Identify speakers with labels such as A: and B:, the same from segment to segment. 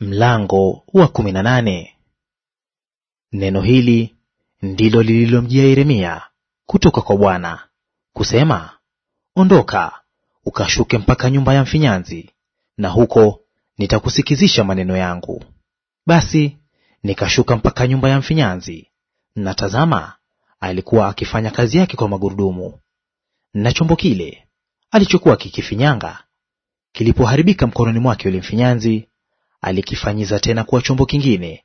A: Mlango wa kumi na nane. Neno hili ndilo lililomjia Yeremia kutoka kwa Bwana kusema, ondoka ukashuke mpaka nyumba ya mfinyanzi, na huko nitakusikizisha maneno yangu. Basi nikashuka mpaka nyumba ya mfinyanzi, na tazama, alikuwa akifanya kazi yake kwa magurudumu. Na chombo kile alichokuwa kikifinyanga kilipoharibika mkononi mwake yule mfinyanzi alikifanyiza tena kuwa chombo kingine,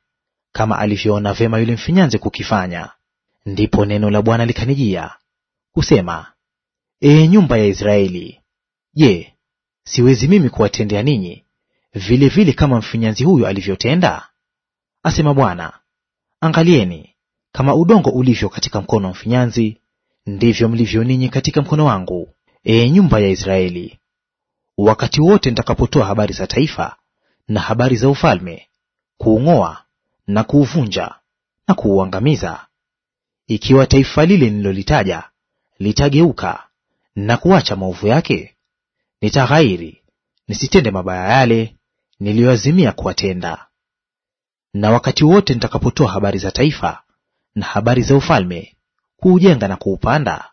A: kama alivyoona vema yule mfinyanzi kukifanya. Ndipo neno la Bwana likanijia kusema, Ee nyumba ya Israeli, je, siwezi mimi kuwatendea ninyi vile vile kama mfinyanzi huyo alivyotenda? Asema Bwana, angalieni, kama udongo ulivyo katika mkono wa mfinyanzi, ndivyo mlivyo ninyi katika mkono wangu, ee nyumba ya Israeli. Wakati wote nitakapotoa habari za taifa na habari za ufalme, kuung'oa na kuuvunja na kuuangamiza, ikiwa taifa lile nilolitaja litageuka na kuacha maovu yake, nitaghairi nisitende mabaya yale niliyoazimia kuwatenda. Na wakati wote nitakapotoa habari za taifa na habari za ufalme, kuujenga na kuupanda,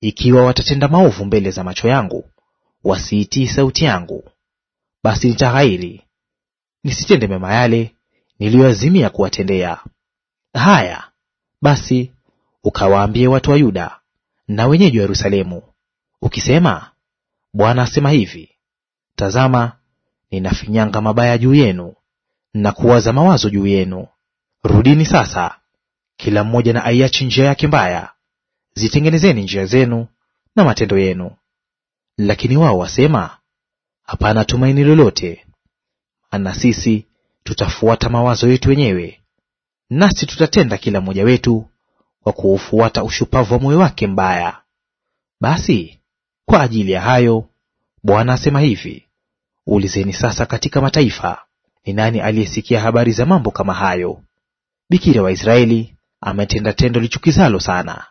A: ikiwa watatenda maovu mbele za macho yangu, wasiitii sauti yangu, basi nitaghairi nisitende mema yale niliyoazimia kuwatendea. Haya basi, ukawaambie watu wa Yuda na wenyeji wa Yerusalemu ukisema, Bwana asema hivi, tazama, ninafinyanga mabaya juu yenu na kuwaza mawazo juu yenu. Rudini sasa, kila mmoja na aiachi njia yake mbaya, zitengenezeni njia zenu na matendo yenu. Lakini wao wasema, hapana tumaini lolote ana sisi tutafuata mawazo yetu wenyewe, nasi tutatenda kila mmoja wetu kwa kuufuata ushupavu wa moyo wake mbaya. Basi kwa ajili ya hayo Bwana asema hivi, ulizeni sasa katika mataifa, ni nani aliyesikia habari za mambo kama hayo? Bikira wa Israeli ametenda tendo lichukizalo sana.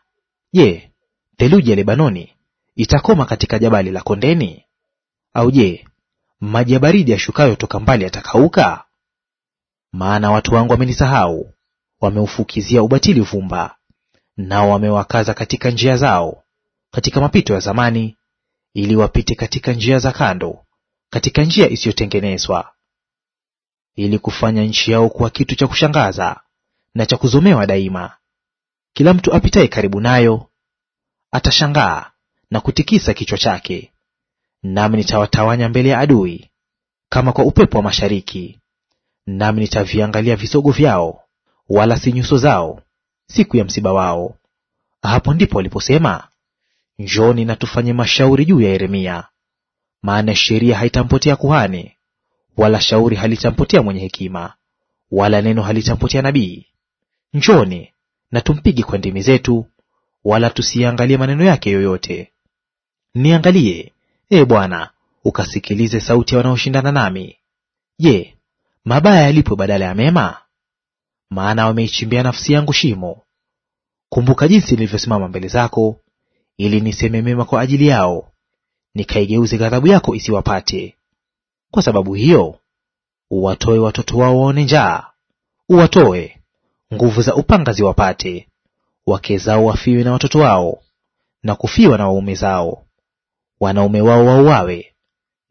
A: Je, theluji ya Lebanoni itakoma katika jabali la kondeni? Au je, maji ya baridi yashukayo toka mbali yatakauka? Maana watu wangu wamenisahau, wameufukizia ubatili vumba, nao wamewakaza katika njia zao, katika mapito ya zamani, ili wapite katika njia za kando, katika njia isiyotengenezwa, ili kufanya nchi yao kuwa kitu cha kushangaza na cha kuzomewa daima. Kila mtu apitaye karibu nayo atashangaa na kutikisa kichwa chake nami nitawatawanya mbele ya adui kama kwa upepo wa mashariki. Nami nitaviangalia visogo vyao, wala si nyuso zao, siku ya msiba wao. Hapo ndipo waliposema, Njoni na tufanye mashauri juu ya Yeremia, maana sheria haitampotea kuhani, wala shauri halitampotea mwenye hekima, wala neno halitampotea nabii. Njoni na tumpige kwa ndimi zetu, wala tusiangalie maneno yake yoyote. Niangalie e Bwana, ukasikilize sauti ya wanaoshindana nami. Je, mabaya yalipo badala ya mema? Maana wameichimbia nafsi yangu shimo. Kumbuka jinsi nilivyosimama mbele zako, ili niseme mema kwa ajili yao, nikaigeuze ghadhabu yako isiwapate. Kwa sababu hiyo uwatoe watoto wao waone njaa, uwatoe nguvu za upanga ziwapate, wake zao wafiwe na watoto wao, na kufiwa na waume zao wanaume wao wauawe,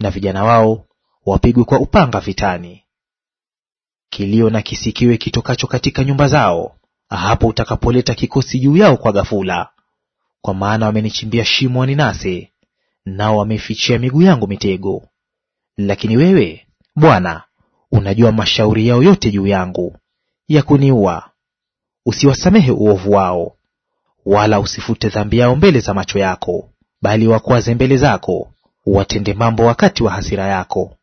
A: na vijana wao wapigwe kwa upanga vitani. Kilio na kisikiwe kitokacho katika nyumba zao, hapo utakapoleta kikosi juu yao kwa ghafula. Kwa maana wamenichimbia shimo waninase, nao wameifichia miguu yangu mitego. Lakini wewe Bwana unajua mashauri yao yote juu yangu ya kuniua. Usiwasamehe uovu wao, wala usifute dhambi yao mbele za macho yako bali wakwaze mbele zako, watende mambo wakati wa hasira yako.